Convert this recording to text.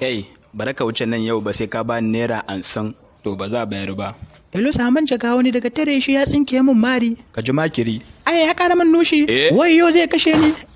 kai bara ka wuce nan yau ba sai ka ba naira ansan to ba za bayar ba Bello saman jaga wani daga tare shi ya tsinke min mari ka ji makiri ai ya kara min nushi eh? wai yau zai kashe ni